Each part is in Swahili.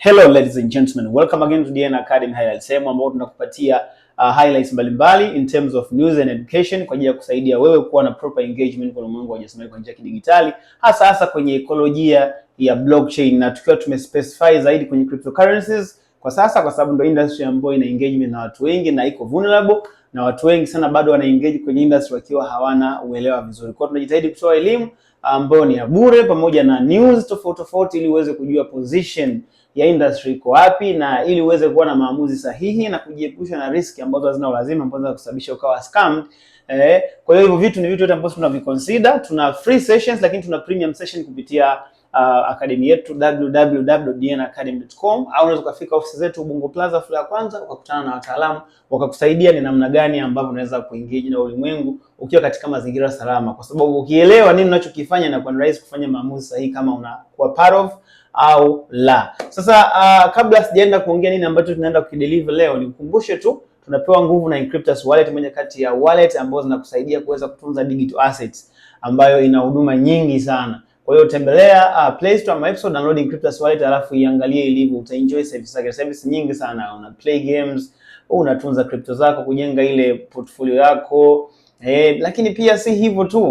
Hello ladies and gentlemen, welcome again to DNA Academy Highlights, sehemu ambayo tunakupatia uh, highlights mbalimbali in terms of news and education kwa ajili ya kusaidia wewe kuwa na proper engagement kwa ulimwengu wa ujasiriamali kwa njia ya kidijitali, hasa hasa kwenye ekolojia ya blockchain na tukiwa tumespecify zaidi kwenye cryptocurrencies kwa sasa, kwa sababu ndio industry ambayo ina engagement na watu wengi na iko vulnerable na watu wengi sana bado wana engage kwenye industry wakiwa hawana uelewa vizuri. Kwa hiyo tunajitahidi kutoa elimu ambayo ni ya bure pamoja na news tofauti tofauti, ili uweze kujua position ya industry iko wapi, na ili uweze kuwa na maamuzi sahihi na kujiepusha na riski ambazo hazina ulazima ambazo za kusababisha ukawa scammed. Eh, kwa hiyo hivyo vitu ni vitu vyote ambavyo tunaviconsider. Tuna free sessions, lakini tuna premium session kupitia uh, akademi yetu www.dnacademy.com, au unaweza ukafika ofisi zetu Ubungo Plaza floor ya kwanza ukakutana na wataalamu wakakusaidia ni namna gani ambavyo unaweza kuingia na ulimwengu ukiwa katika mazingira salama, kwa sababu ukielewa nini unachokifanya inakuwa ni rahisi kufanya maamuzi sahihi kama unakuwa part of au la. Sasa uh, kabla sijaenda kuongea nini ambacho tunaenda kukideliver leo, nikukumbushe tu tunapewa nguvu na Inkryptus Wallet, moja kati ya wallet ambazo zinakusaidia kuweza kutunza digital assets ambayo ina huduma nyingi sana. Kwa hiyo tembelea uh, Play Store ama App Store, download Cryptos Wallet alafu iangalie ilivyo, utaenjoy service zake. Service nyingi sana, una play games, unatunza crypto zako, kujenga ile portfolio yako eh, lakini pia si hivyo tu,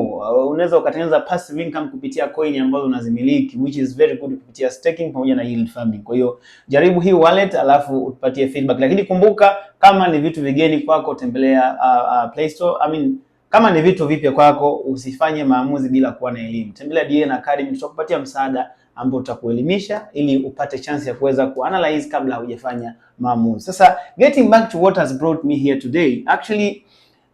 unaweza ukatengeneza passive income kupitia coin ambazo unazimiliki, which is very good kupitia staking pamoja na yield farming. Kwa hiyo jaribu hii wallet alafu utupatie feedback, lakini kumbuka kama ni vitu vigeni kwako, tembelea uh, uh, Play Store I mean, kama ni vitu vipya kwako, usifanye maamuzi bila kuwa na elimu. Tembelea DNA Academy, tutakupatia msaada ambao utakuelimisha ili upate chance ya kuweza kuanalyze kabla haujafanya maamuzi. Sasa getting back to what has brought me here today actually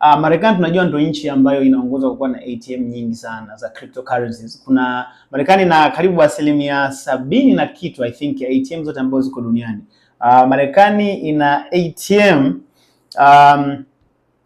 Uh, Marekani tunajua ndio nchi ambayo inaongozwa kwa kuwa na ATM nyingi sana za cryptocurrencies. Kuna Marekani na karibu asilimia sabini na kitu I think ya ATM zote ambazo ziko duniani. Uh, Marekani ina ATM um,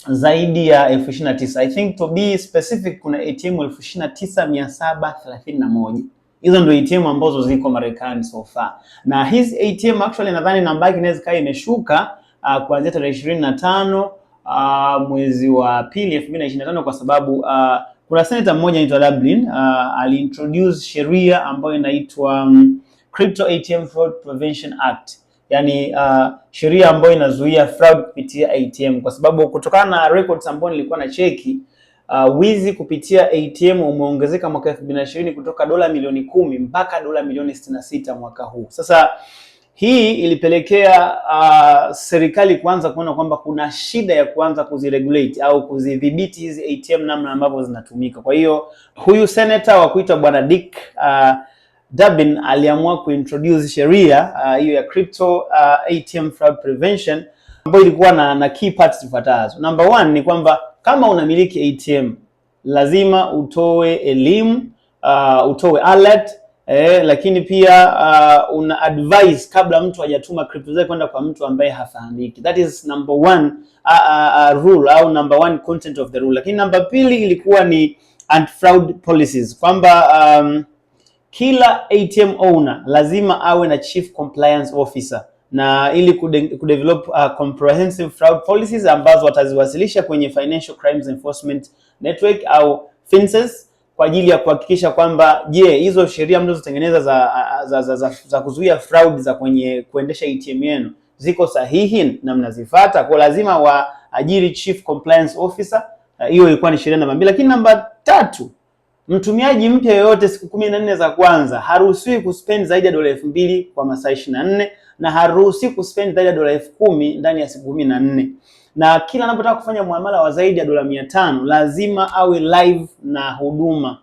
zaidi ya elfu ishirini na tisa I think to be specific, kuna ATM elfu ishirini na tisa mia saba thelathini na moja hizo ndio ATM ambazo ziko Marekani so far, na hizi ATM actually nadhani namba yake inaweza kaa imeshuka uh, kuanzia tarehe ishirini na tano uh, mwezi wa pili elfu mbili na ishirini na tano kwa sababu uh, kuna senator mmoja anaitwa Dublin uh, aliintroduce sheria ambayo inaitwa um, Crypto ATM Fraud Prevention Act yani uh, sheria ambayo inazuia fraud kupitia ATM, kwa sababu kutokana na records ambayo nilikuwa na cheki uh, wizi kupitia ATM umeongezeka mwaka 2020 kutoka dola milioni kumi mpaka dola milioni 66 mwaka huu. Sasa hii ilipelekea uh, serikali kuanza kuona kwamba kuna shida ya kuanza kuziregulate au kuzidhibiti hizi ATM namna ambavyo zinatumika. Kwa hiyo huyu senator wa kuitwa bwana Dick uh, Durbin aliamua kuintroduce sheria uh, hiyo uh, ya crypto uh, ATM fraud prevention ambayo ilikuwa na, na key parts zifuatazo. Number one ni kwamba kama unamiliki ATM lazima utoe elimu uh, utoe alert eh, lakini pia uh, una advice kabla mtu hajatuma crypto zake kwenda kwa mtu ambaye hafahamiki. That is number one uh, uh, uh, rule au number one content of the rule. Lakini namba pili ilikuwa ni anti fraud policies kwamba um, kila ATM owner lazima awe na chief compliance officer na ili kudevelop uh, comprehensive fraud policies ambazo wataziwasilisha kwenye Financial Crimes Enforcement Network au FinCEN kwa ajili ya kuhakikisha kwamba je, yeah, hizo sheria mnazotengeneza za, za, za, za, za kuzuia fraud za kwenye kuendesha ATM yenu ziko sahihi na mnazifuata. Kwa lazima waajiri chief compliance officer. Uh, hiyo uh, ilikuwa ni sheria namba mbili, lakini namba tatu Mtumiaji mpya yoyote siku kumi na nne za kwanza haruhusiwi kuspend zaidi ya dola elfu mbili kwa masaa ishirini na nne na haruhusiwi kuspend zaidi ya dola elfu kumi ndani ya siku kumi na nne na kila anapotaka kufanya muamala wa zaidi ya dola mia tano lazima awe live na huduma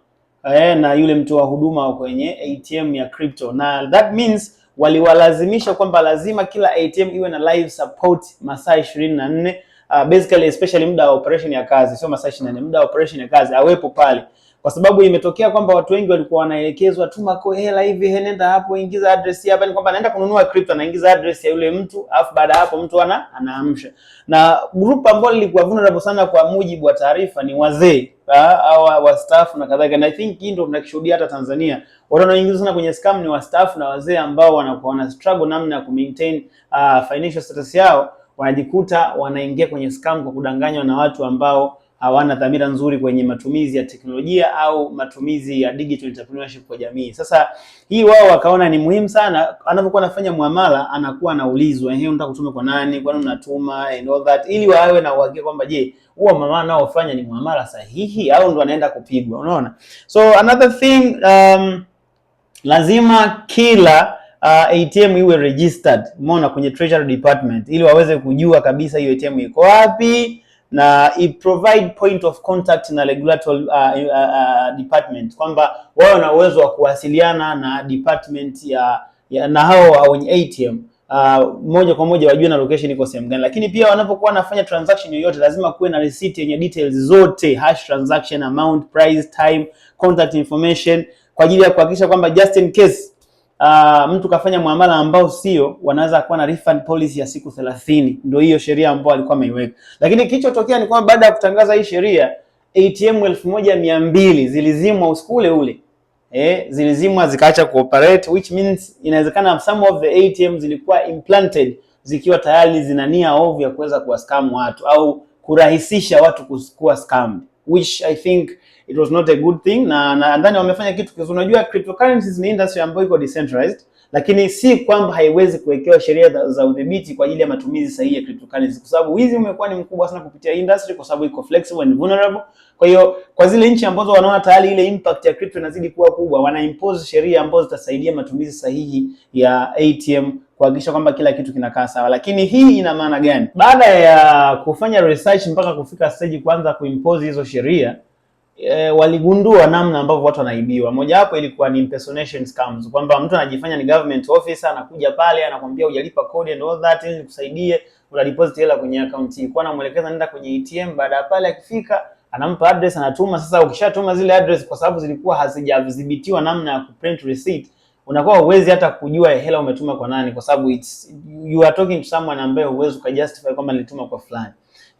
e, na yule mtoa huduma kwenye ATM ya crypto, na that means waliwalazimisha kwamba lazima kila ATM iwe na live support masaa ishirini na nne uh, basically especially muda wa operation ya kazi, sio masaa 24, muda wa operation ya kazi awepo pale, kwa sababu imetokea kwamba watu wengi walikuwa wanaelekezwa tu mako hela hivi, nenda hapo, ingiza address hapa, ni kwamba anaenda kununua crypto, anaingiza address ya yule mtu, alafu baada hapo mtu ana anaamsha. Na group ambao lilikuwa vulnerable sana kwa mujibu wa taarifa ni wazee ah, au wastaafu na kadhalika, na I think hii ndio tunakishuhudia hata Tanzania. Watu wanaoingiza sana kwenye scam ni wastaafu na wazee ambao wanakuwa wana struggle namna ya ku maintain uh, financial status yao wanajikuta wanaingia kwenye scam kwa kudanganywa na watu ambao hawana dhamira nzuri kwenye matumizi ya teknolojia au matumizi ya digital entrepreneurship kwa jamii. Sasa hii wao wakaona ni muhimu sana, anapokuwa anafanya muamala anakuwa anaulizwa, ehe, unataka kutuma kwa nani, kwa nini unatuma and all that, ili wawe na uhakika kwamba je, huo mama anaofanya ni muamala sahihi au ndo anaenda kupigwa? Unaona, so another thing um, lazima kila uh, ATM iwe registered, umeona kwenye Treasury Department, ili waweze kujua kabisa hiyo ATM iko wapi na i provide point of contact na regulatory uh, uh, uh, department kwamba wao wana uwezo wa kuwasiliana na department ya, ya na hao wenye ATM uh, moja kwa moja wajue na location iko sehemu gani, lakini pia wanapokuwa wanafanya transaction yoyote lazima kuwe na receipt yenye details zote, hash transaction amount, price, time, contact information kwa ajili ya kuhakikisha kwamba just in case uh, mtu kafanya muamala ambao sio, wanaweza kuwa na refund policy ya siku 30. Ndio hiyo sheria ambayo alikuwa ameiweka, lakini kilichotokea ni kwamba baada ya kutangaza hii sheria ATM elfu moja mia mbili zilizimwa usiku ule ule. Eh, zilizimwa zikaacha kuoperate which means inawezekana some of the ATM zilikuwa implanted zikiwa tayari zina nia ovu ya kuweza kuwascam watu au kurahisisha watu kuwa scammed which I think it was not a good thing, na nadhani wamefanya kitu kizuri. Unajua cryptocurrencies ni industry ambayo iko decentralized lakini si kwamba haiwezi kuwekewa sheria za udhibiti kwa ajili ya matumizi sahihi ya cryptocurrency, kwa sababu wizi umekuwa ni mkubwa sana kupitia industry, kwa sababu iko flexible and vulnerable. Kwa hiyo kwa zile nchi ambazo wanaona tayari ile impact ya crypto inazidi kuwa kubwa, wana impose sheria ambazo zitasaidia matumizi sahihi ya ATM kuhakikisha kwamba kila kitu kinakaa sawa. Lakini hii ina maana gani? Baada ya kufanya research mpaka kufika stage kwanza kuimpose hizo sheria e, waligundua namna ambavyo watu wanaibiwa. Mojawapo ilikuwa ni impersonation scams, kwamba mtu anajifanya ni government officer, anakuja pale anakwambia hujalipa kodi and all that, ili kusaidie unadeposit hela kwenye account Ilikuwa anamuelekeza nenda kwenye ATM. Baada ya pale akifika anampa address, anatuma. Sasa ukishatuma zile address, kwa sababu zilikuwa hazijadhibitiwa namna ya kuprint receipt unakuwa huwezi hata kujua hela umetuma kwa nani, kwa sababu it's you are talking to someone ambaye huwezi ukajustify kwamba nilituma kwa fulani.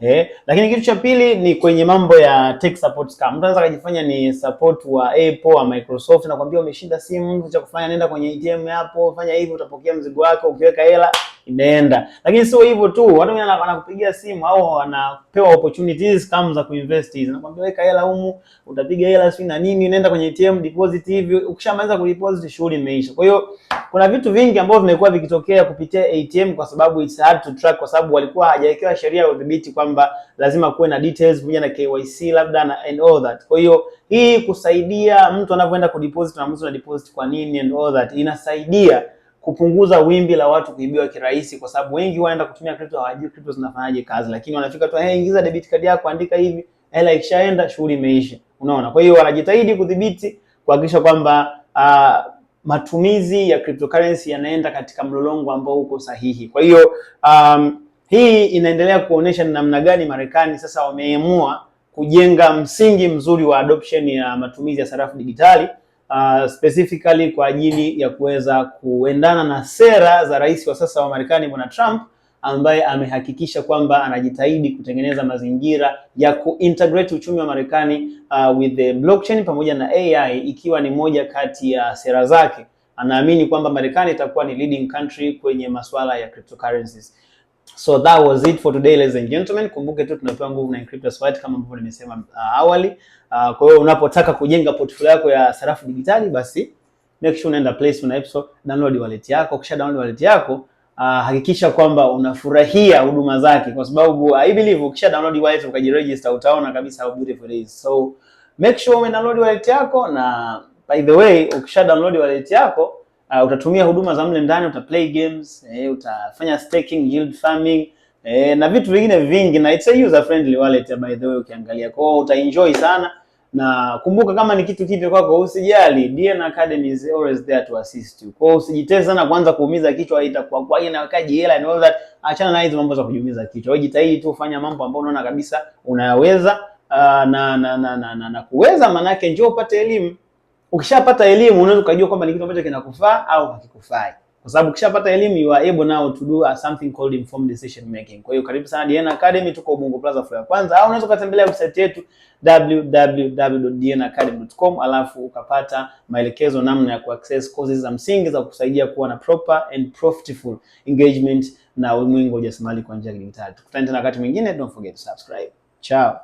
Eh, lakini kitu cha pili ni kwenye mambo ya tech support scam. Mtu anaweza kujifanya ni support wa Apple wa Microsoft na kwambia umeshinda simu, cha kufanya nenda kwenye ATM hapo, fanya hivi utapokea mzigo wako ukiweka hela inaenda. Lakini sio hivyo tu, watu wengine wanakupigia simu au wanapewa opportunities kama za kuinvest hizi, nakwambia weka hela humu, utapiga hela sio na nini, unaenda kwenye ATM deposit hivi, ukishamaliza kudeposit shughuli imeisha. Kwa hiyo kuna vitu vingi ambavyo vimekuwa vikitokea kupitia ATM kwa sababu it's hard to track, kwa sababu walikuwa hajawekewa sheria ya udhibiti kwamba lazima kuwe na details pamoja na KYC labda na and all that. Kwa hiyo hii kusaidia mtu anapoenda kudeposit na mtu na deposit kwa nini and all that inasaidia kupunguza wimbi la watu kuibiwa kirahisi, kwa sababu wengi waenda kutumia crypto, hawajui crypto zinafanyaje kazi, lakini wanafika tu, hey, ingiza debit card yako, andika hivi, hela ikishaenda shughuli imeisha, unaona. Kwa hiyo wanajitahidi kudhibiti, kuhakikisha kwamba uh, matumizi ya cryptocurrency yanaenda katika mlolongo ambao uko sahihi. Kwa hiyo um, hii inaendelea kuonyesha ni namna gani Marekani sasa wameamua kujenga msingi mzuri wa adoption ya matumizi ya sarafu digitali uh, specifically kwa ajili ya kuweza kuendana na sera za rais wa sasa wa Marekani Bwana Trump ambaye amehakikisha kwamba anajitahidi kutengeneza mazingira ya kuintegrate uchumi wa Marekani uh, with the blockchain pamoja na AI ikiwa ni moja kati ya sera zake. Anaamini kwamba Marekani itakuwa ni leading country kwenye masuala ya cryptocurrencies. So that was it for today ladies and gentlemen. Kumbuke tu tunapewa nguvu na Inkryptus Wallet kama ambavyo nimesema uh, awali. Uh, kwa hiyo unapotaka kujenga portfolio yako ya sarafu digitali basi make sure unaenda Play Store na App Store, download wallet yako. Kisha download wallet yako uh, hakikisha kwamba unafurahia huduma zake kwa sababu uh, I believe ukisha download wallet ukajiregister utaona kabisa how beautiful it is. So make sure ume wallet yako na by the way ukisha download wallet yako uh, utatumia huduma za mle ndani, uta play games eh, utafanya staking, yield farming eh, na vitu vingine vingi, na it's a user friendly wallet by the way, ukiangalia kwao utaenjoy sana na kumbuka, kama ni kitu kipya kwako, usijali, DN Academy is always there to assist you. Kwa hiyo usijiteze sana kuanza kuumiza kichwa, itakuwa kwa ina wakaji hela and all that. Achana na hizo mambo za kujiumiza kichwa, wewe jitahidi tu ufanya mambo ambayo unaona kabisa unayaweza, uh, na, na, na, na, na, na kuweza, manake njoo upate elimu ukishapata elimu unaweza ukajua kwamba ni kitu ambacho kinakufaa au hakikufai, kwa sababu ukishapata elimu you are able now to do uh, something called informed decision making. Kwa hiyo karibu sana Diena Academy, tuko Ubungo Plaza floor ya kwanza, au unaweza ukatembelea website yetu www.dienaacademy.com, alafu ukapata maelekezo namna ya kuaccess courses za msingi za kukusaidia kuwa na proper and profitable engagement na ulimwengu wa ujasiriamali kwa njia ya kidijitali. Tukutane tena wakati mwingine, don't forget to subscribe. Ciao.